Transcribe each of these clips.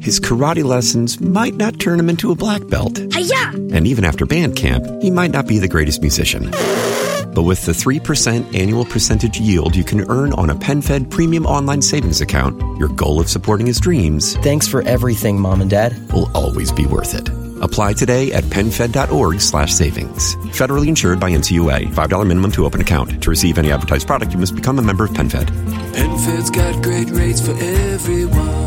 His karate lessons might not turn him into a black belt. Hi-ya! And even after band camp, he might not be the greatest musician. But with the 3% annual percentage yield you can earn on a PenFed premium online savings account, your goal of supporting his dreams. Thanks for everything, Mom and Dad. Will always be worth it. Apply today at PenFed.org slash savings. Federally insured by NCUA. $5 minimum to open account. To receive any advertised product, you must become a member of PenFed. PenFed's got great rates for everyone.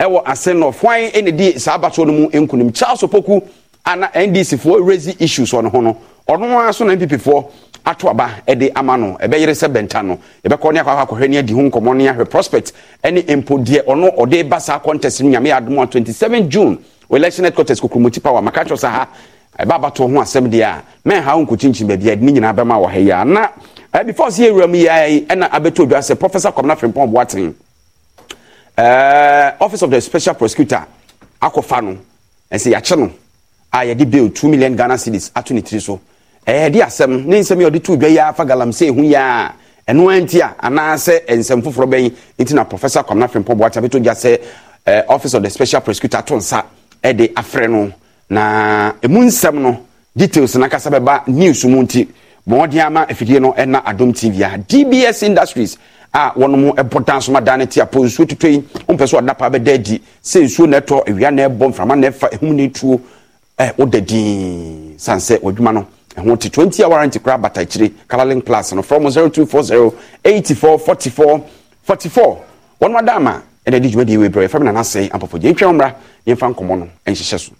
ɛwɔ asenɔf hwan ɛna di saa abatoɔ no mu nkunim charles opoku ana ndc foɔ raise issues wɔ ne ho no ɔno ara so na npp foɔ ato aba de ama no ɛbɛyere sɛ bɛnta no yɛbɛkɔ ne akɔ akɔhwɛ ne adi ho nkɔmmɔ ne ahwɛ prospect ne mpo deɛ ɔno ɔde ba saa contest no nyame adom a seven june election headquarters kokromoti power maka kyerɛ sɛ ha ɛba abatoɔ ho asɛm deɛ a mɛnha wo nkɔkyinkyin baabi a ne nyinaa bɛma wɔ ha yi a na before sɛ yɛwura mu yi ɛna abɛtɔ dwa sɛ professor kwamna fempɔn boaten Eh, office of the special prosecutor akɔfa no ɛsɛ yɛakyɛ no a yɛde bail two million ghana cedis ato ne tiri so ɛyɛde eh, asɛm ne nsɛm yɛ ɔde to dwa yi afa galamsey ho yi a ɛno anti a anaasɛ nsɛm foforɔ bɛyi nti na professor kwamna fempɔ boakye abɛto gya sɛ eh, office of the special prosecutor ato nsa ɛde afrɛ no na ɛmu nsɛm no details nakasa bɛba news mu nti bɔn ama afidie no ɛna adom tv a dbs industries a wɔn bɔ dansoma dan ne ti a po nsuo tutu yi wɔn pɛ so ɔda pa bɛda adi sɛ nsuo na ɛtɔ ewia na ɛbɔ nframa na ɛfa ehum na etuo ɛ ɔda dinn sansɛ ɔdwuma no ɛho ti twenty hour nti kora bata akyire kalalin class no fɔm zero two four zero eighty four forty four forty four wɔn ada ama ɛna ɛdi dwuma di ewe brɛ ɛfam na n'asɛn apɔpɔ gye etwa wɔn mra yɛn fa nkɔmɔ no ɛnhyehyɛ so.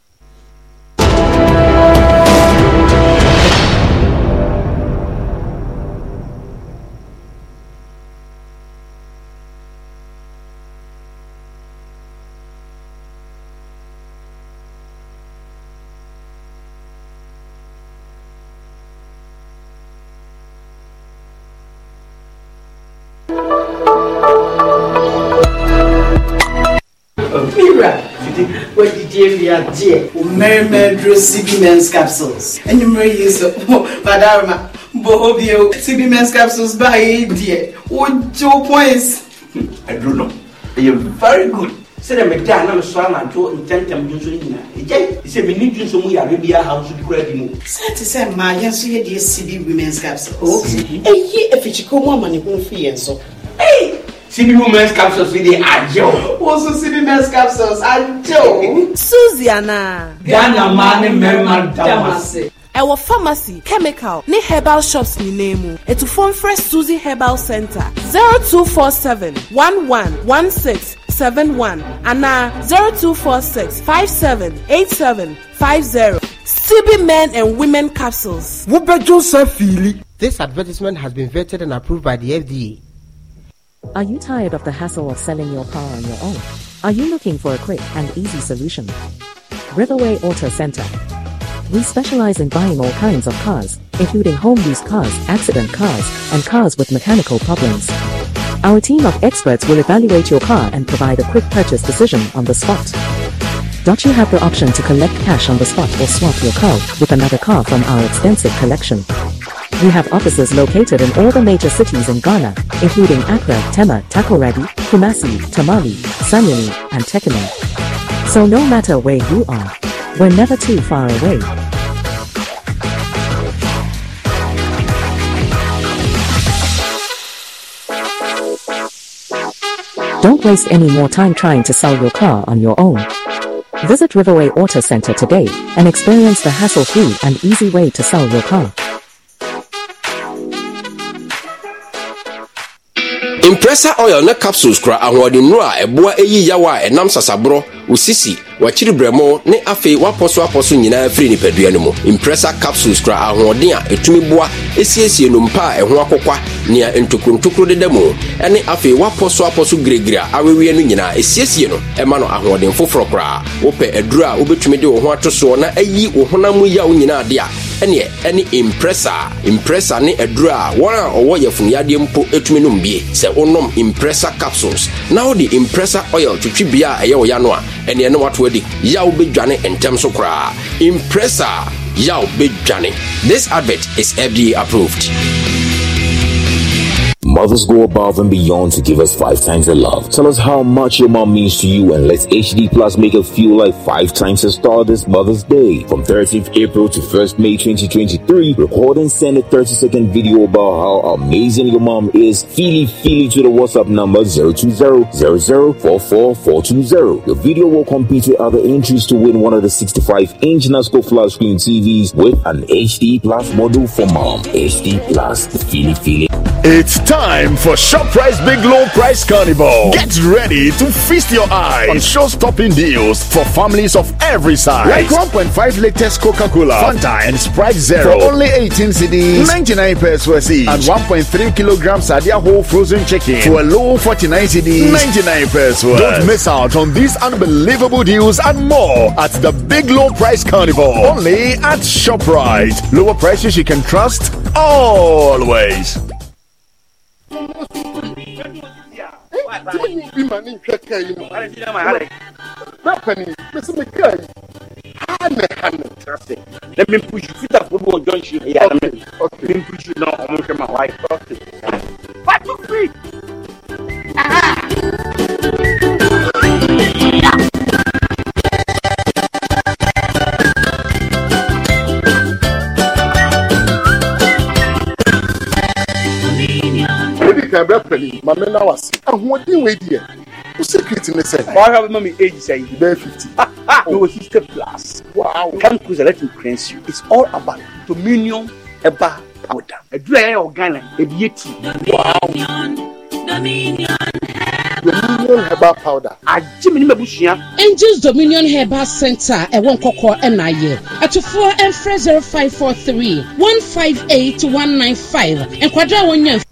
wura wɔdidi awia deɛ mmarima duro cb mens capsules anwummerɛ yi so padaroma bɔ hɔ bio cb mens capsules baayɛ deɛ wogyew points I aduro no ɛyɛ very good sɛdɛ meda na meso anadwo ntɛmtɛm dwo nso no nyinaa ɛgya sɛ menni dwo nso mu yare bi aha nso bi koraa bi mu sɛ te sɛ mmaa yɛn nso yɛdeɛ cb womens capsules ɛyi afikyikɔ mu ama ne ho mfi yɛn so CB Men's Capsules ni de àjẹ́ o. Wọ́n CB Men's Capsules àjẹ́ o. ana. Ghana man, ní mẹ́rìnmá dàmásì. Ẹ̀wọ̀ pharmacy, chemical ní herbal shops nìyẹn mu. Ètùfọ́ ń fẹ́ Suzy Herbal Center zero two four seven one one one six seven one ana zero two four six five seven eight seven five zero. CB Men and Women Capsules. Wúbẹ́jọ́ sẹ́fìlì. This advertisement has been vetted and approved by the FDA. Are you tired of the hassle of selling your car on your own? Are you looking for a quick and easy solution? Riverway Auto Center. We specialize in buying all kinds of cars, including home use cars, accident cars, and cars with mechanical problems. Our team of experts will evaluate your car and provide a quick purchase decision on the spot. Don't you have the option to collect cash on the spot or swap your car with another car from our extensive collection? We have offices located in all the major cities in Ghana, including Accra, Tema, Takoradi, Kumasi, Tamale, Sanyani, and Tekene. So no matter where you are, we're never too far away. Don't waste any more time trying to sell your car on your own. Visit Riverway Auto Center today and experience the hassle-free and easy way to sell your car. impressor oil ne capsules kura ahoɔdennu a ɛboa ɛyi yawa a ɛnam sasaborɔ osisi wakyiri brɛmo ne afei wapɔ so apɔ so nyinaa firi nipadua no mu impressor capsules kura ahoɔden a ɛtumi boa ɛsiesie no mpa a ɛho akɔkwa nea ntokrontokro deda mu ɛne afei wapɔ so apɔ giregire a awewie no nyinaa ɛsiesie no ɛma no ahoɔden foforɔ koraa wopɛ aduro a wobɛtumi de wo ho ato soɔ na ayi wo honam mu nyinaa de a ɛne ɛne impressa impressa ne aduro a wɔn a ɔwɔ yɛfunuyadeɛ mpo etumi nom bie sɛ wɔnom impressa capsules na wɔde impressa oil twitwi bea a ɛyɛ wɔ ya no a ɛne ɛne wato adi yaw bedwane ntɛm so koraa impressa yaw bedwane this advert is fda approved. Mothers go above and beyond to give us five times the love. Tell us how much your mom means to you and let HD Plus make it feel like five times a star this Mother's Day. From 13th April to 1st May 2023, record and send a 30 second video about how amazing your mom is. Feely feely to the WhatsApp number 020 Your video will compete with other entries to win one of the 65 inch NASCO flat screen TVs with an HD Plus model for mom. HD Plus, feelie feely feely. It's time time for Shop Price Big Low Price Carnival. Get ready to feast your eyes on show stopping deals for families of every size. Like 1.5 liters Coca Cola, Fanta, and Sprite Zero for only 18 CDs, 99 pesos each, and 1.3 kilograms Sadia whole frozen chicken for a low 49 CDs, 99 pesos. Don't miss out on these unbelievable deals and more at the Big Low Price Carnival. Only at ShopRite. Lower prices you can trust always. tí mo yìí bí ma ní nhwɛ kaa yi mu na panin mesi mi kaa yi ha na ha na tena se na mi mpusu fitafoɔ bi wɔ junction yi a na mi mpusu na ɔmo nhwɛ ma wa yi. But you kan ɛbrɛ pɛni maame na wase ahoɔden wei deɛ o secret ne sɛ. wọn ahwɛ mami age sɛyi. you bɛyɛ fifty. no o sixty plus. wow come closer let me cleanse you it's all about dominion ɛba powder adura yɛ yɛ ɔgana ebi yɛ ti. wow. Dominion herbal powder. Agye mi ni mɛ busua. Angels Dominion Herbal Center ɛwɔ nkɔkɔ ɛna ayɛ. Atufoɔ ɛnfrɛ zero five four three one five eight one nine five. Nkwadaa wɔn nyɛ.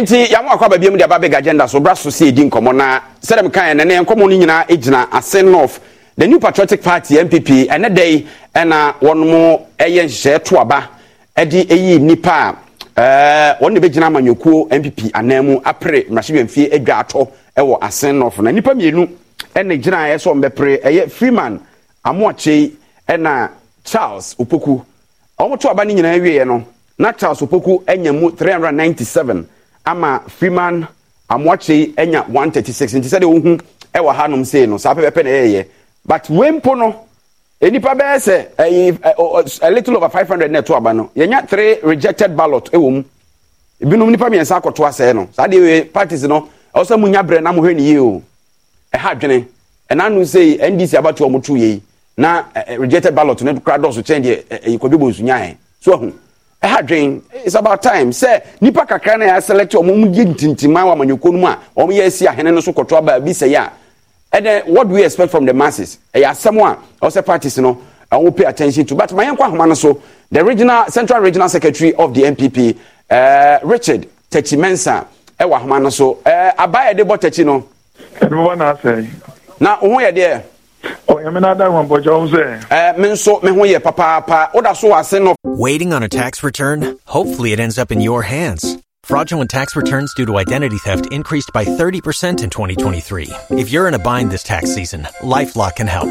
nti yamu akɔ ababiem de aba big agenda so bra so si edi nkɔmɔ na sɛdɛm kan yɛn nɛnɛ nkɔmɔ no nyinaa gyina ase north the new patriotic party npp ɛnɛ dɛ yi ɛna wɔn ɛyɛ nhyehyɛ to aba ɛde ɛyi nipa a ɛɛ wɔn de bɛ gyina amanyɔkuo npp anan mu apere mmarahyɛbɛnfie adwa atɔ ɛwɔ ase north na nipa mmienu ɛna gyina ɛsɛ wɔn bɛpere ɛyɛ freeman amoakye ɛna charles opoku wɔn to aba no nyinaa wie no na charles opoku ɛnya mu three hundred ninety seven ama freeman amoakye anya one thirty six nti sɛ de ohun ɛwɔ hanom sei no saa pɛpɛpɛ na ɛyɛyɛ but wempo no nipa bɛyɛ sɛ ɛyi a little over five hundred na ɛto aba no yɛnya three rejected ballot ɛwɔ mu ebinom nipa mmiɛnsa akɔto asɛɛ no saa deɛ parties no ɛwɔ sɛ mo nya brɛ na mo hwɛ ne yie o ɛha adwene ɛnanu sɛ ndc abatoɔ mo to yie na rejected ballot no kora dɔɔso kyɛn deɛ ɛyɛ kɔdwebɔ nsu nyaɛ so ɛho ɛha dwen it's about time sɛ nipa kakra na yɛasɛlɛte ɔmo mu yɛ ntintima wɔ amanyɔkuo no mu a ɔmo yɛ asi ahene no so kɔto aba bi sɛ yɛ a ɛdɛ what do we expect from the masses ɛyɛ asɛm a ɔsɛ parties no ɔmo pay attention to but ma yɛn kɔ ahoma no so the regional central regional secretary of the npp uh, eh, richard tɛkyi mensa ɛwɔ ahoma no so ɛɛ uh, eh, abayɛ de bɔ tɛkyi no. ɛdibɔ n'asɛ. na ohun yɛ deɛ. waiting on a tax return hopefully it ends up in your hands Fraudulent tax returns due to identity theft increased by 30% in 2023. If you're in a bind this tax season, LifeLock can help.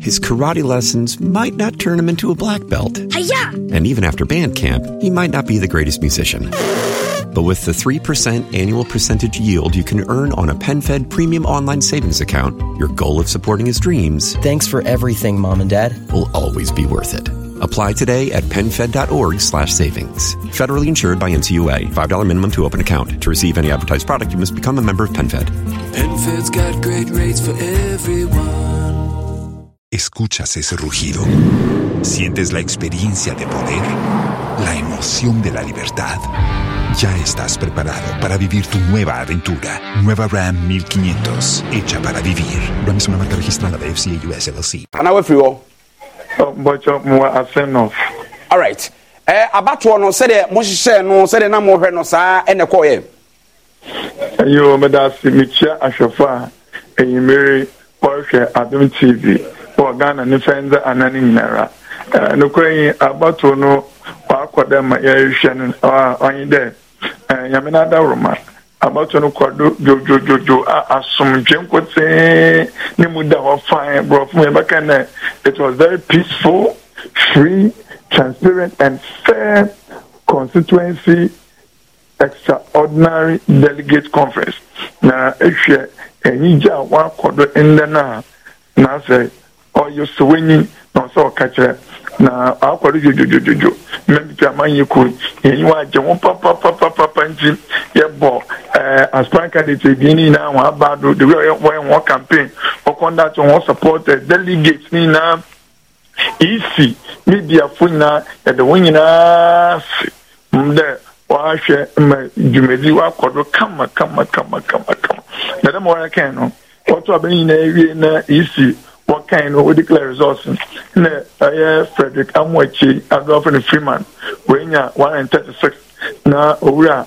His karate lessons might not turn him into a black belt. Hi-ya! And even after band camp, he might not be the greatest musician. But with the 3% annual percentage yield you can earn on a PenFed premium online savings account, your goal of supporting his dreams. Thanks for everything, Mom and Dad. Will always be worth it. Apply today at PenFed.org slash savings. Federally insured by NCUA. $5 minimum to open account. To receive any advertised product, you must become a member of PenFed. PenFed's got great rates for everyone. Escuchas ese rugido. Sientes la experiencia de poder, la emoción de la libertad. Ya estás preparado para vivir tu nueva aventura. Nueva Ram 1500, hecha para vivir. Ram es una marca registrada de FCA US LLC. Anawe friwo. Bocho mo aseno. All right. Eh abato no se de mo no de na mo no ene koye. Eyo medasi michia e, Eyimere Porsche Adam TV. wɔ ghana ne fɛn dze ana ne nyinara eh, nokora yi abatoɔ no wakɔ dɛ ma yɛrehwɛ no ɔnye dɛ eh, nyame no adaworoma abatoɔ no kɔdo dwodwodwodwo a asomdwe nkotee ne mu da hɔ fan borɔfo mu yɛbɛka nɛ it was very peaceful free transparent and fair constituency extraordinary delegate conference na ehwɛ enyigye a wakɔdo ndɛ no a na asɛ ɔyɛ sowanyi na ɔsɛ ɔka kyerɛ na akɔre dwodwodwodwo mmɛmpi amanyi ko yɛnyi wa agye ho papapapapa nti yɛbɔ ɛɛ eh, aspiring candidate ebien ne nyinaa wɔn aba do the way wɔyɛ wɔn campaign wɔkɔndat wɔn supporters eh, delegates ne nyinaa ec mediafo nyinaa yɛde wɔn nyinaa se dɛ wahwɛ ma dwumadi wakɔ do kama kama kama kama kama na dɛm wɔyɛ kɛn no wɔto abɛn nyinaa ewie na ec wɔkan eh, no wɔdeclare results na ɛyɛ frederick amoakyi agɔfo no freeman wɔanya 136 na owura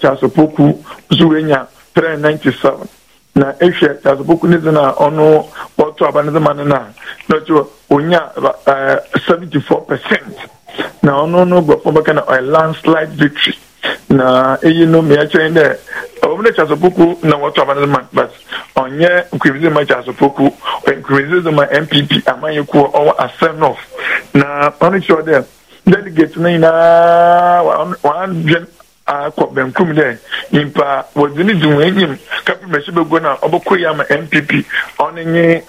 kyasopoku nso wɔanya 397 na ehwɛ kyasopoku ne dzina ɔno wɔto aba ne dzema no na na ɔkyerɛ seventy-four percent na ɔno no gbɔfo bɛka na ɔyɛ landslide victory na eyi no mia kyerɛ dɛ ɔmne na wɔtɔ abadoma but ma nkurumizima kyasopoku ɔyɛ ma npp amanyɛ kuɔ ɔwɔ asɛm na ɔno kyerɛ delegate no nyinaa wɔadwen akɔ benkum dɛ nipa wɔdze ne di enyim na ya ma npp nye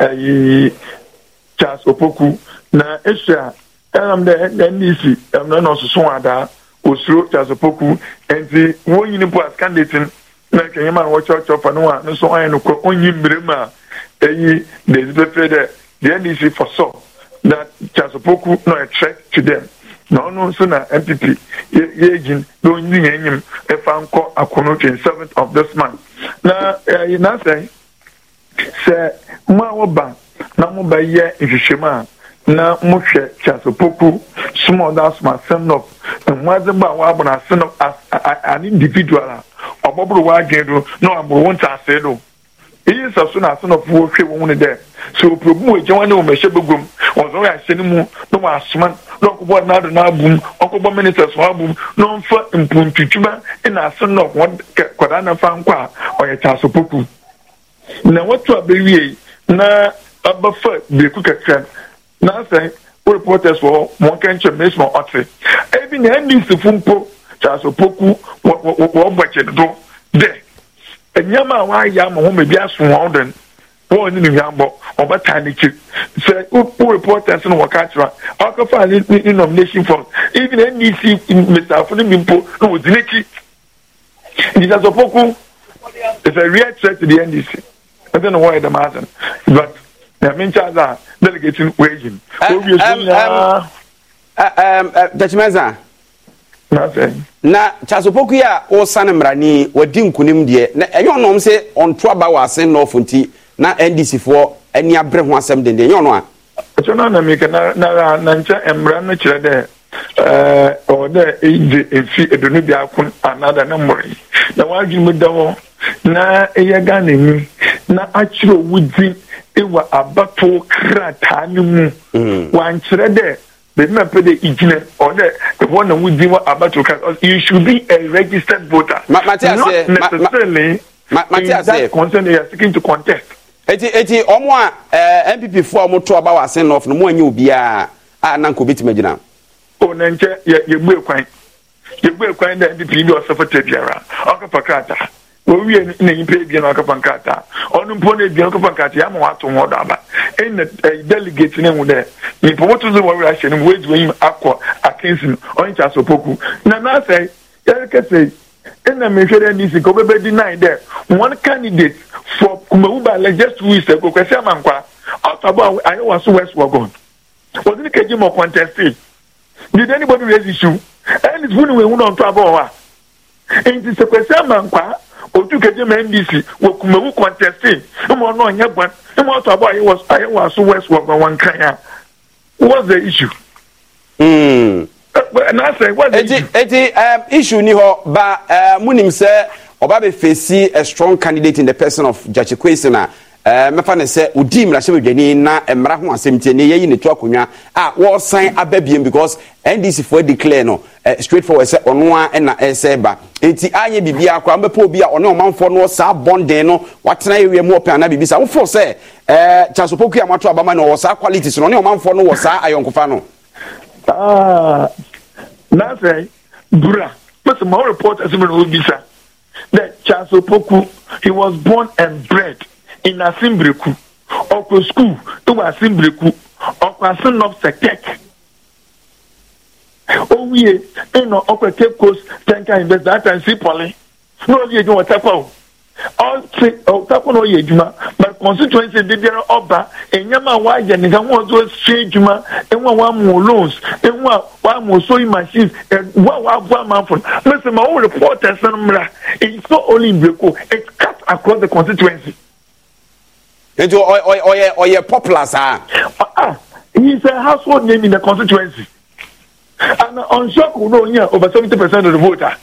na ehyia ndc osuro twasopoku nti wɔn nyini po as candidate na kanyama na wɔkyerɛkyerɛ fa no a no nso ɔyɛ no kɔ ɔnyi mmerɛ a ɛyi dezi pɛpɛ dɛ the ndc for sure that twasopoku na ɔyɛ threat to them na ɔno nso na npp yɛgyin na ɔnyini yɛn enyim ɛfa nkɔ akono twenty seventh of this month na ɛyi n'asɛn sɛ mo a wɔba na mo ba yɛ nhwehwɛmu a na mohwɛ kyasopoku small that's my send off mmoadze ba wa abɔ send off as an individual a ɔbɔboro w'adwene do na ɔaboro wɔn ntaase do eyi nsa so na send off wo hwɛ wɔn ne dɛ sɛ opurobu wɔ gyɛn ne wɔn ɛhyɛ bɛgum wɔn sɛ wɔyɛ ahyɛ ne mu na wɔn asoma na ɔkɔbɔ nado na abum ɔkɔbɔ ministers wɔn abum na ɔnfa mpuntutuma na send off wɔn kɔdaa na fa nkɔ a ɔyɛ kyasopoku na wɔto abɛwie na abɛfa beeku kakra no nansɛn wo reporters wɔ wɔn kɛnkyɛn mesma ɔte ebi na ndc fo mpo charles opoku wɔbɔ kyɛn do dɛ nneɛma a wɔayɛ ama wɔn ebi aso wɔn den wɔn ne ne nyanbɔ ɔbɛtaa n'ekyir sɛ wo reporters no wɔka kyerɛ ɔkɔfa ne ne nomination form ebi na ndc mbesiafo ne mi mpo na wɔdi n'ekyi ndc asopoku is a real threat to the ndc ɛdɛ e na wɔyɛ dɛm ase but ɛmi nkyɛn a. delegating wagen. Dachimeza. na kyasopoku yi a ɔresane mmerani wadi nkunim deɛ na ɛnyɛ ɔnɔ sɛ ɔnto aba wɔ ase nɔɔfo nti na ndc foɔ ani abere ho asɛm denden ɛnyɛ ɔnɔ a. ɛkyɛ no anamika nara na nkyɛ mmara no kyerɛ dɛ ɔwɔ dɛ ɛgye efi aduonu biako anada ne mmɔre na wadwene mu da hɔ na ɛyɛ ghana ni na akyerɛ owu din ɛwɔ abatoɔ krataa no mu mm. wankyerɛ dɛ baabi na pɛ dɛ igyina ɔdɛ ɛhɔ na wodi wɔ abatoɔ krataa you should be a registered voter ma, ma, not necessarily ma, ma, in that concern you are seeking to contest. eti eti ɔmo a ɛɛ npp fo a ɔmo to aba wɔ asen nɔf no mo anya obiara a nanko oh, bi tuma gyina. o na nkyɛn yɛ yɛ bu ekwan yɛ bu ekwan dɛ npp bi ɔsɛfo tɛ biara ɔkapa krataa owie na nyimpa ebien ɔkafa nkrataa ɔno mpo no ebien ɔkafa nkrataa ama wato ho ɔdɔ aba ɛna eh, delegate no ehu dɛ nyimpa woto so wɔwerɛ ahyɛ no mu woedi wɔnyim akɔ akensin ɔnkyɛ asɔpoku na n'asɛe yɛrekɛsɛ yi ɛna mehwɛ dɛ ndc nka ɔbɛbɛdi nine dɛ one candidate for kumawu balɛ just two weeks ago kwasi ama nkwa ɔtɔ abo ayɛwa so west wagon wɔde ne kegye mɔ contested did anybody raise issue ɛnis wuni wɔ ehu na ɔntɔ otu kedu ma ndc wekumewu contestin ụmụọnụ onye gwa ụmụọtụ abụọ anyị wụ asụ west wọ gwawa nka ya what's the issue hmm. eti eh, eti issue um, ni hɔ ba um, mu nim sɛ ɔba bɛ fesi a strong candidate in the person of jachikwesi na Eh, mɛfa ne sɛ odi mmarahyɛbadwani na eh, mmara ho asɛm tie ne yɛyi ne to akonnwa a wɔresan aba biem because ndc foɔ declare no eh, straight forward sɛ ɔno a na ɛsɛ ba nti anyɛ biribi akora mbɛpɛ obi a ɔne ɔmanfoɔ no saa bɔnden no watena awia mu ɔpɛ anaa biribi saa wofoɔ sɛ ɛɛ kyasopoku mato abama no ɔwɔ saa qualities no ɔne ɔmanfoɔ no wɔ saa ayɔnkofa no. Ah, n'asɛ bura mr mawu report ɛsɛ mi na obi that kyasopoku he was born and bred in asimbreku ọkọ skul ịwụ asimbreku ọkọ asinọpsetek owie ịnọ ọkọ cape coast tanka invest that time si pọli na oyi edwuma ọtakwa o ọtị ọtakwa na oyi edwuma but constituency dị bịara ọba enyem a wayọ nika nwa ọzọ esi edwuma enwe a wamụ loans enwe a wamụ sewing machines enwe a wabụ amanfọ mmesị ma ọ report ẹsẹ mmira it's not only in breko it's cut across the constituency nti ɔyɛ ɔyɛ popular saa. Ah, ah, he is a household name in the constituency and ɔnhyɛkò náà onye over seventy percent of the voter.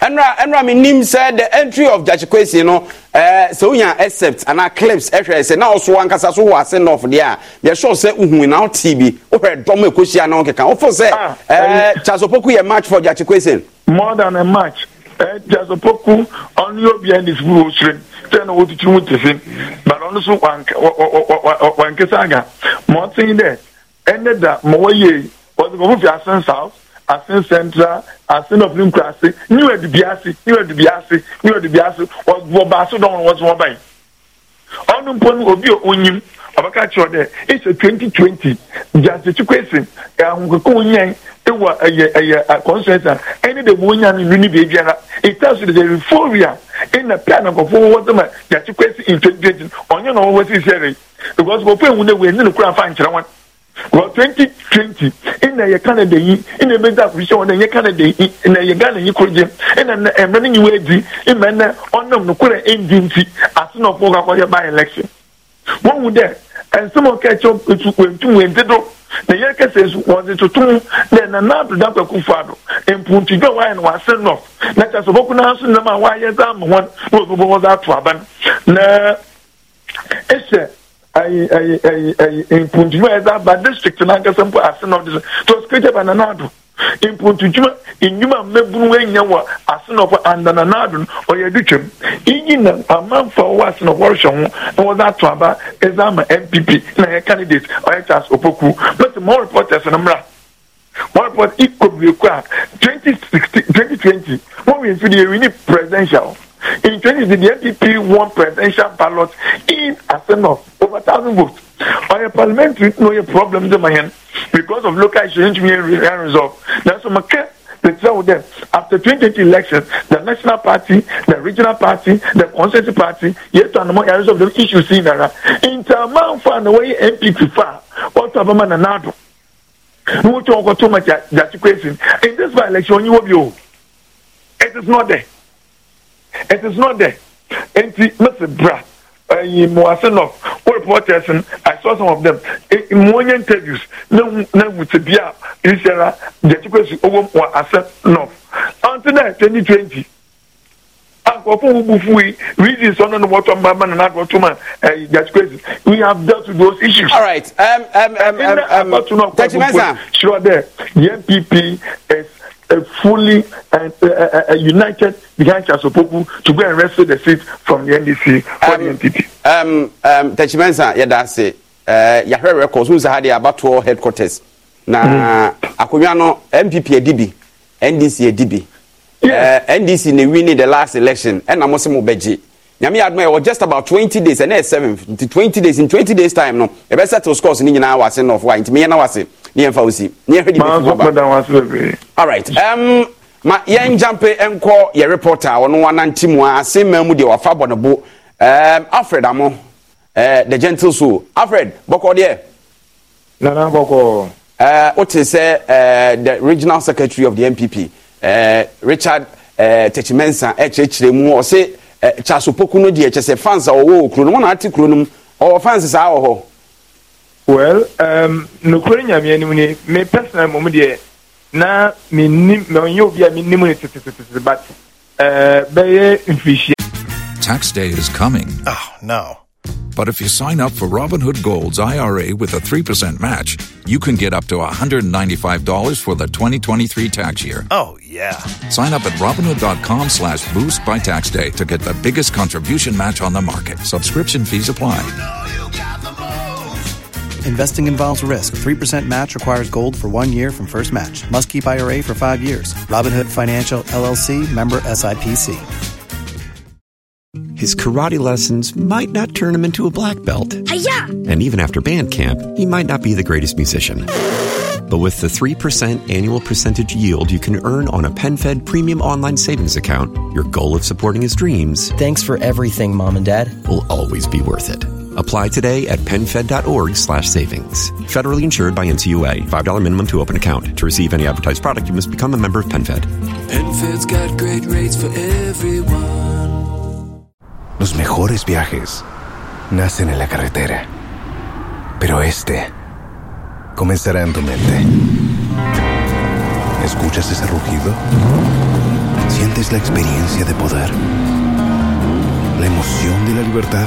ɛnura ɛnura mi nim sɛ the entry of judge kwesi no ɛɛ eh, sɛ o nya except ana clips ɛhwɛ eh, sɛ na ɔso ankasa so wɔ ase nɔf deɛ a yɛ sɔ sɛ uhun na ɔte bi ɔhwɛ dɔm ekosi ana ɔkeka ɔfo sɛ ɛɛ ah, eh, chasopoku yɛ match for judge kwesi. more than a match ɛɛ chasopoku ɔnuyɛ obi ɛni sukuu osire. sɛ na wɔtutu mu te but ɔno so wankesa aga ma ɔten dɛ ɛnɛ da ma wɔyɛ asen south asen central asen of ne new adubi ase new adubi new ase wɔba dɔn wɔn ɔno obi a onyim ɔbɛka kyerɛ dɛ twenty twenty ɛwɔ ɛyɛ ɛyɛ constraint a ɛne de wɔn nyame nwi ne bea biara ɛta so de sɛ euphoria ɛna pia na nkɔfo wɔ sɛ ma yɛakye in twenty twenty ɔnyɛ na ɔwɔ sisi ɛrɛ because wɔpɔ ehu na wɔn ani no kura afa nkyerɛ wɔn wɔ twenty twenty ɛna ɛyɛ canada yi ɛna ɛbɛ da akurihyɛ wɔn na ɛyɛ canada yi ɛna ɛyɛ ghana yi koro gyem ɛna na ɛmɛ ne nyiwa edi ɛmɛ na ɔnam no kora ɛndi nti ase na ɔfo kakɔ yɛ by election wɔn wu dɛ ɛnsɛm ɔkɛ kyɛw etu wentum wente do na yɛ kɛse nso wɔdze tutum dɛ nana ato da kwaku fa do mpuntudwa wayɛ no wase nɔ na kyɛ sɛ bɔko naa so nnam a wayɛ dza ama wɔn na wɔbɛbɔ wɔdze ato aban na ɛhyɛ ayi ayi ayi ayi mpuntudwa yɛ dza aba district n'ankasa mpo ase nɔ de so to sikɛgya ba nana do mpontudwuma nnwuma mmabunu anya wɔ asenɔfo andananaado no ɔyɛ de iyi na amanfo a asenɔfo rehwɛ ho na wɔdze ato aba ɛdze ama npp na yɛ candidate ɔyɛ charles opoku mɛsɛ mɔ reporters no mmra mɔ report ikobieku a 2016 2020 wɔn wi mfidie we need presidential in 2020 the npp won presidential ballot in asenɔf over thousand votes ɔyɛ parliamentary na ɔyɛ problem dɛ ma yɛn because of local issues ntumi yɛ yɛn resolve nanso mo kɛ they tell them after 2020 elections the national party the regional party the consensus party yɛ to anamɔ yɛ resolve the issues yi nara ntamanfa na wɔyɛ npp fa ɔtɔ abama na naado na wɔn tɔn kɔ toma jate kwesin in this by election onyi wɔ bi o it is not there it is not there nti mr bra ɛyin mo ase nɔ. Philip Waters, I saw some of them. In one interviews, no, no, with the Bia, Israel, the Chickens, or accept North. Until 2020. Akɔfo wo yi reasons ɔno ne wɔtɔ mba ma nana ma ɛyi jasukwesi we have dealt with those issues. All right. Um, um, um, um, um, um, Tẹ̀síwẹ́sà. Sure there the NPP is a fully and uh, uh, uh, united behind Chasopoku to go and wrestle the seat from the NDC for um, the NPP. Um, um, Techimensa, yeah, that's it. Uh, yahwɛ records mm. n saha de abatoɔ headquarters uh, na akonnwa no npp adi bi ndc adi bi ndc na win the last election ɛna mo se mo bɛgye nyame yɛ adoma yɛwɔ just about twenty days ɛnna yɛ seven nti twenty days in twenty days time no yɛbɛ settle scores ne nyinaa wɔ ase nɔfo a nti meyɛ na wɔ ase ne yɛmfa wo si ne yɛhwɛ de bɛfi hɔ ba alright um, ma yɛn gyampe nkɔ yɛ reporter a ɔno wanante mu a ase mmaa mu deɛ wafa bɔ ne bo alfred amo uh, the gentle soul alfred bɔkɔ deɛ nana bɔkɔ uh, wote sɛ uh, the regional secretary of the npp uh, richard uh, techimensa ɛkyerɛkyerɛ uh, mu ɔse uh, kyasopoku no deɛ kyɛ fans a wɔwɔ wɔ kuro no wɔn ate kuro no mu ɔwɔ fans saa wɔ hɔ well um, nokorɛ nyame anim ni me personal mmom deɛ na menyɛ obi a menim no but eh, bɛyɛ mfirihyia Tax day is coming. Oh, no. But if you sign up for Robinhood Gold's IRA with a 3% match, you can get up to $195 for the 2023 tax year. Oh, yeah. Sign up at Robinhood.com slash boost by tax day to get the biggest contribution match on the market. Subscription fees apply. You know you Investing involves risk. 3% match requires gold for one year from first match. Must keep IRA for five years. Robinhood Financial LLC member SIPC. His karate lessons might not turn him into a black belt. Hi-ya! And even after band camp, he might not be the greatest musician. But with the 3% annual percentage yield you can earn on a PenFed premium online savings account, your goal of supporting his dreams. Thanks for everything, Mom and Dad. Will always be worth it. Apply today at PenFed.org slash savings. Federally insured by NCUA. $5 minimum to open account. To receive any advertised product, you must become a member of PenFed. PenFed's got great rates for everyone. Los mejores viajes nacen en la carretera. Pero este comenzará en tu mente. ¿Escuchas ese rugido? ¿Sientes la experiencia de poder? ¿La emoción de la libertad?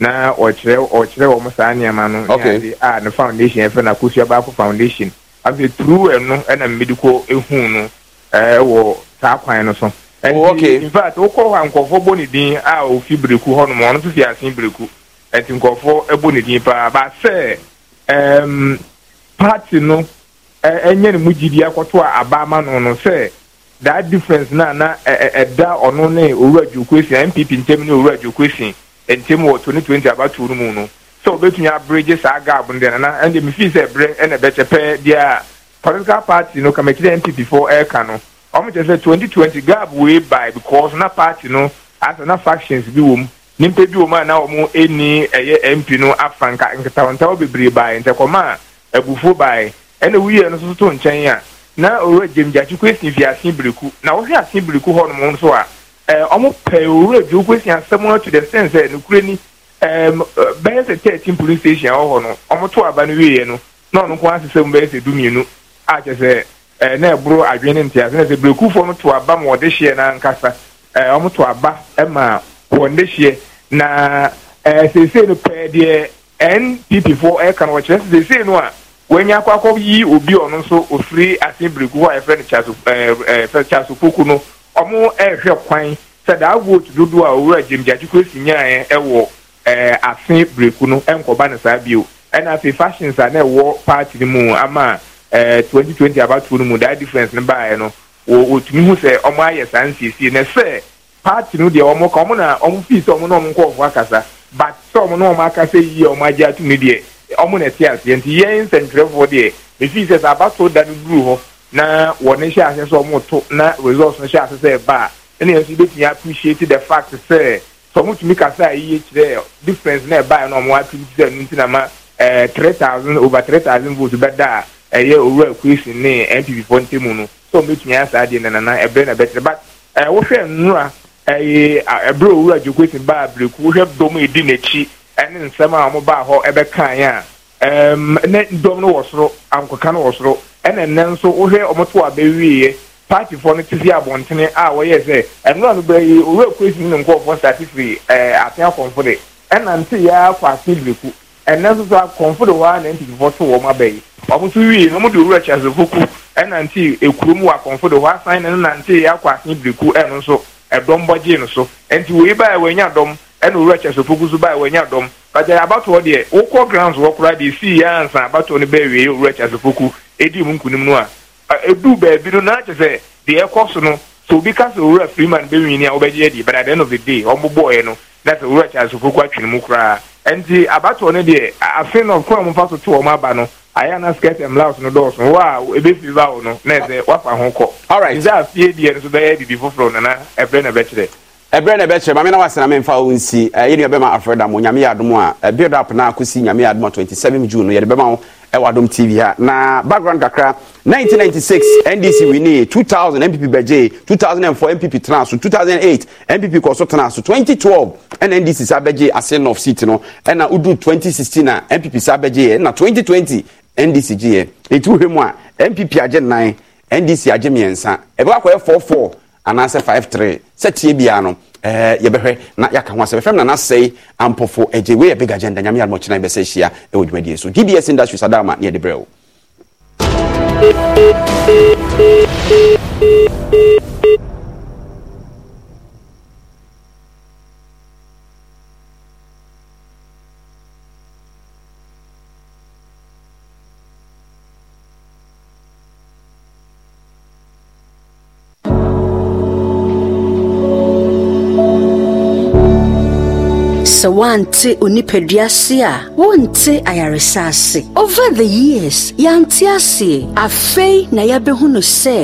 na ɔkyerɛ ɔkyerɛ wɔn saa nneɛma no a ne foundation yɛfrɛ na akosua baako foundation afei turu ɛno ɛna mmedi ehu no ɛɛ wɔ saa kwan no so. ɛnti oh, in fact wokɔ hɔ a nkɔfoɔ bɔ a ofi bereku hɔ ɔno nso fi ase bereku ɛnti ɛbɔ ne paa baasɛ ɛɛm paati no ne mu akɔto a abaama no no sɛ that difference na na ɛɛ ɛda ɔno ne owura npp ntɛm ne owura ntɛm wɔ twenty twenty abatoɔ no mu no sɛ wɔbɛtumi abiregye saa gap no deɛ nana ɛnde mefi sɛ berɛ ɛna ɛbɛkyɛ pɛɛ deɛ political party no kamakyerɛ npp fo ɛreka no wɔn kyerɛ sɛ twenty twenty gap wei by because na party no asa na factions bi wɔ mu nipa bi wɔ mu a na wɔn ɛni ɛyɛ mp no afa nka nketawantawa bebree baeɛ ntɛkɔma a abufuo baeɛ ɛna wuyɛ no soso to nkyɛn a na owurɔ gyemgyakyi kɔ esi fi ase biriku na wɔhwɛ ase biriku hɔ nom nso a ọmụ eh, pere owurre ji esi asem to the sense eh, nukure ni bɛyɛ sɛ thirteen police station wɔ hɔ aba no wieɛ no na ɔno nko asesɛ mu bɛyɛ mmienu a eh, na ɛboro adwene ntị asị na esị berekufoɔ ọmụ tụọ aba ma ɔde hyeɛ na nkasa ɛɛ ɔmo aba ma ọ de na ɛɛ seesei no pɛɛ deɛ npp foɔ ɛka no wɔkyerɛ sɛ seesei no a yi obi nọ nso ofiri ase berekufoɔ a yɛfrɛ no no. Ọmụ ɛrehwɛ kwan sɛ daa vote dodoɔ a owura gyemgye atukuro si nyaayɛ anyị ɛɛ ase breku no ɛnkɔba eh, na saa bio ɛna eh, afei fashions a na ɛwɔ party no mu ama ɛɛ eh, daa difference saa nsiesie na sɛ party no deɛ ɔmo ka ɔmo na ɔmo fii sɛ na ɔmo nkɔɔfo akasa but sɛ ɔmo na ɔmo akasa eyiye agye na wọ hyɛ ase sɛ ọmụ to na results no ase sɛ ɛba a ɛna yɛn nso yɛbɛtumi appreciate the fact sɛ sɛ ɔmo tumi kasa a yie kyerɛ difference na na ɔmo appreciate na ma ɛɛ eh, three thousand over three thousand votes bɛda a ɛyɛ ne npp no na ebere but eh, baa edi ɛne nsɛm a hɔ ɛɛm ne no ɛna nnɛ nso wohwɛ ɔmoto abɛwieɛ paatifoɔ no te si abɔntene a wɔyɛ sɛ ɛnura no bɛyɛ yi owó ekuresi ne nkɔɔfoɔ stati firi ɛɛ ate akɔnfo de ɛna nte yɛ akɔ ase beku ɛnɛ nso e, so akɔnfo de hɔ a na ntikifoɔ so wɔn abɛyi wɔn nso wie na wɔn de owura kyɛnsefoku ɛna nte ekurom wɔ akɔnfo de hɔ asan ne na nte yɛ akɔ ase beku ɛno nso ɛdɔm bɔ gye no so nti wɔyi baa wɔnya dɔm ɛna owura kyɛnsefoku so baa wɔnya dɔm bàtɛ abatoɔ deɛ grounds wɔ koraa si yɛ ansa abatoɔ no bɛɛ wie edi mu nkunim no a edu baabi no na sɛ deɛ ɛkɔ so no sɛ obi ka sɛ owura freeman bɛwi ni a wobɛgye adi but at the end of the day ɔmbobɔɔɛ no na sɛ owura kyansofo kɔ atwene mu koraa nti abatoɔ no deɛ afe no kora mo fa so te wɔn aba no ayɛ na skirt and blouse no dɔɔso wɔ a ebɛfi ba no na ɛsɛ wafa ho kɔ. alright nza deɛ no so bɛyɛ bibi foforɔ nana ɛbrɛ na bɛkyerɛ ɛbrɛ na ɛbɛkyerɛ maame na wasena memfa wo nsi ɛyɛ eh, nua bɛma afrɛda mo nyame yɛ adom a ɛbuild eh, up na akɔsi nyame adom a 27 june no yɛde bɛma wo ɛwɔ eh, adom tv ha na background kakra 1996 ndc winnie 2000 mpp bɛgyee 2004 mpp tena so 2008 mpp kɔ so tena so 2012 ɛna ndc saa bɛgyee ase north seat no ɛna wodu 2016 a mpp saa bɛgyeeɛ ɛna 2020 ndc gyeeɛ ɛti wohwɛ mu a mpp agye nnan ndc agye mmiɛnsa ɛbɛkɔ akɔyɛ 44 anaasɛ five three sɛ tie biara no ɛɛ yɛbɛhwɛ na yɛaka ho asɛm efɛm nana sɛɛ ampofo ɛgye wei yɛ big agenda nyame yadumɔ kyerɛ bɛsɛ ahyia ɛwɔ dwumadie so gbs industries adama ne yɛde brɛ o. sɛ woante onipadua ase a wonte ayaresa ase over the years yɛante aseɛ afei na yɛbɛhu no sɛ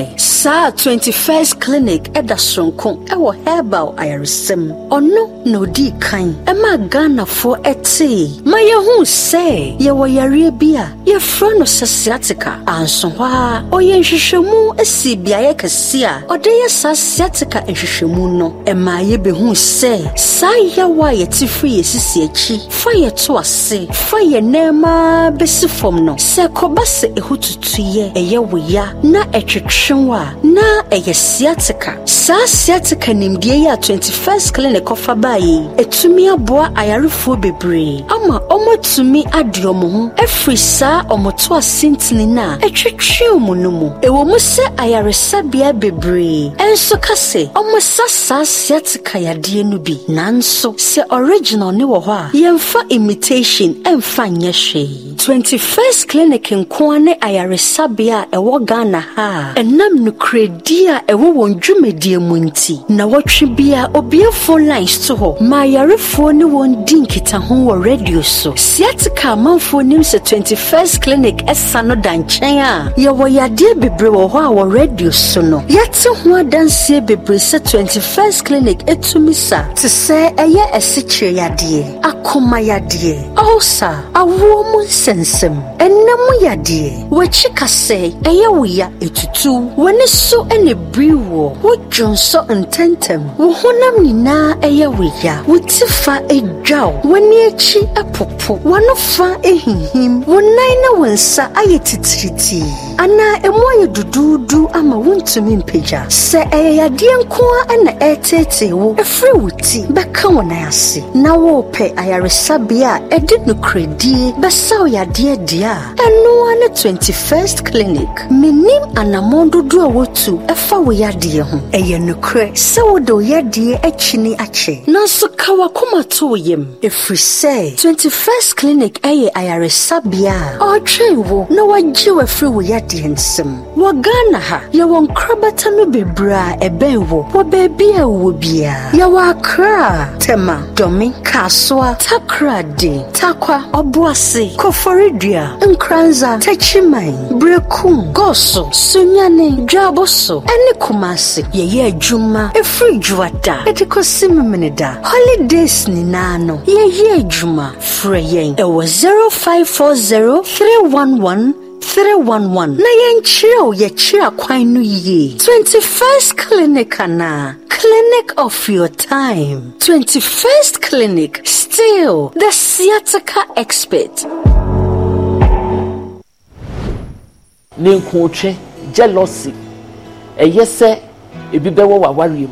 saa 21st clinic ɛda soronko ɛwɔ herbal ayaresɛm ɔno na odii kan ɛma ghanafoɔ ɛtee ma yɛhuu sɛ yɛwɔ yareɛ bi a yɛfrɛ no sɛ siatica anso hɔ a ɔyɛ nhwehwɛmu asi beaeɛ kɛse a ɔde yɛ saa siatica nhwehwɛmu no ɛma yɛbɛhuu sɛ saa yaw a yɛte firi yɛsisi akyi fa yɛto ase fa yɛ nnɛmaa bɛsi fam no sɛ kɔba sɛ ɛho tutuyɛ ɛyɛ wo ya na ɛtwetwew a na ɛyɛ siatica saa siatica nimdeɛ yi a 21st clinic ɔfa baeɛ yi ɛtumi aboa ayarefoɔ bebree ama ɔmatumi ade ɔmo ho ɛfiri saa ɔmoto asentene no a ɛtwetwee mu no mu ɛwɔ mu sɛ ayaresabea bebree ɛnso ka sɛ ɔmosa saa siatica yadeɛ no bi nanso sɛ original ne wɔ hɔ a yɛmfa imitation ɛmfa nyɛ hwee 21st clinic nkoa ne ayaresabea a ɛwɔ ghana ha a ɛnam no nokorɛdi a ɛwɔ wɔn dwumadie mu nti na wɔtwe bia obiafo lines to hɔ ma ayarefoɔ ne wɔn di nkitaho wɔ radio so siatica amanfoɔ nim sɛ 21st clinic ɛsa no da nkyɛn a yɛwɔ yadeɛ bebree wɔ hɔ a wɔ radio so no yɛte ho adanseɛ bebree sɛ 21st clinic ɛtumi sa te sɛ ɛyɛ ɛsekyerɛ yadeɛ akoma yadeɛ ɔlsa awoɔ mu nsɛnsɛm ɛnɛ mu yadeɛ wɔakyi kasɛe ɛyɛ wo ya ɛtutu wɔne nso ne biri wɔ wodwo nsɔ ntɛntɛm wo honam nyinaa ɛyɛ wo ya wo ti fa adwaw w'ani akyi apopo w'ano fa ehinhim, wo nan na wo nsa ayɛ titiritii anaa ɛmu ayɛ duduudu ama wontumi mpagya sɛ ɛyɛ yadeɛ nko a na ɛreteetee wo ɛfiri wo ti bɛka wo nan ase na wɔrepɛ ayaresabea a ɛde nokoredie bɛsaw yadeɛ deɛ a ɛnoa ne 21st clinic menim anammɔn dodoɔ wotu ɛfa wo yadeɛ ho ɛyɛ nokorɛ sɛ wode wo yadeɛ akyini akyɛ nanso ka wakoma to wo yam ɛfiri sɛ 21st clinic ɛyɛ ayaresabea a ɔretwɛn wo na wagye wo afiri wo yadeɛ nsɛm wɔ ghana ha yɛwɔ nkorabata no bebree a ɛbɛn wo wɔ baabi a wowɔ biara yɛwɔ akra a tɛma dɔme kaasoa takorade takwa ɔboase kɔfɔredua nkranza takyiman berekum gɔso sunyane dwa abobo so ɛne kumase yɛyɛ adwuma ɛfiri dwuada ɛde kɔsi memeneda holidays nyinaa no yɛyɛ adwuma frɛ yɛn ɛwɔ 0540 one 311 na yɛnkyerɛ wo yɛkyerɛ kwan no yie 21st clinic anaa clinic of your time 21st clinic still the sciatica expert ne nkotwe jealousy ɛyɛ sɛ ebi bɛwɔ mu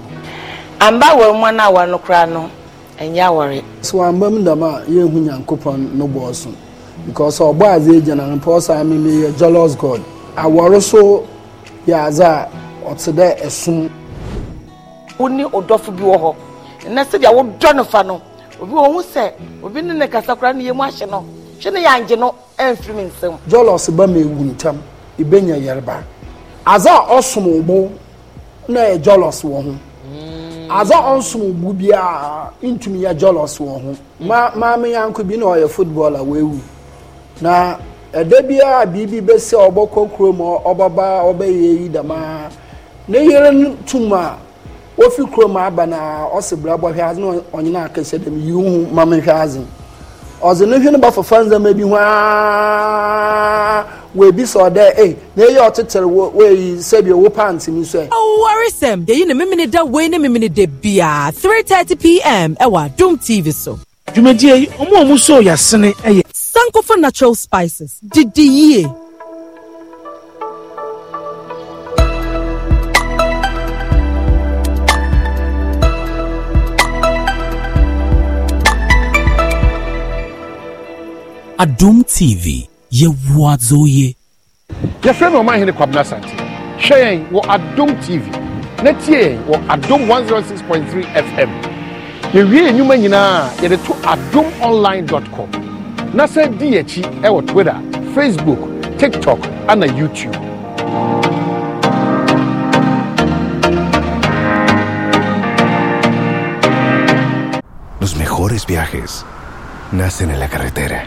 amba mu no no no ɛnyɛ awɔre so amba mu a nyankopɔn no bɔɔ so because ɔbɔ adze gyina no paul saa me meyɛ jealous god awɔre so yɛ adze a ɔte dɛ ɛsom wo ɔdɔfo bi wɔ hɔ sɛdeɛ no fa no obi obi ne ne ne ahyɛ no no nsɛm jealous ma ntam aza ɔsom ugbo na yɛ jɔlɔs wɔ ho aza ɔsom ugbo biara ntumi yɛ jɔlɔs wɔ ho ma maame yanko bi na ɔyɛ football a wewu na ɛda biara biribi bɛsi a ɔbɛkɔ kurom ɔbɛba ɔbɛyɛ yi dama ne yere tum a wofi kurom aba na ɔsi bra bɔhwɛ adze na ɔnyina akɛse dɛm yi hu maame hwɛ adze ɔdze ne hwene ba fafa ndzɛmba bi hwaa. wɔebisa ɔdɛ ei na eyi ɔtetere wo wɔyi sɛbi owo pants mi so ɛ. ɔwɔresɛm oh, yɛyi ne mimini da wei ne mimini de bia three thirty pm ɛwɔ adum tv so. dwumadie yi ɔmo a ɔmo so yasene ɛyɛ. sankofa natural spices didi yie. Adum TV yɛwoa dze woye yɛfrɛ no ɔman hene kwabena asante hwɛ yɛn wɔ adom tv na tie yɛn wɔ adom 106.3 fm yɛwie nnwuma nyinaa a yɛde to adom online com na sɛ di yɛakyi ɛwɔ twitter facebook tiktok ana youtube Los mejores viajes nacen en la carretera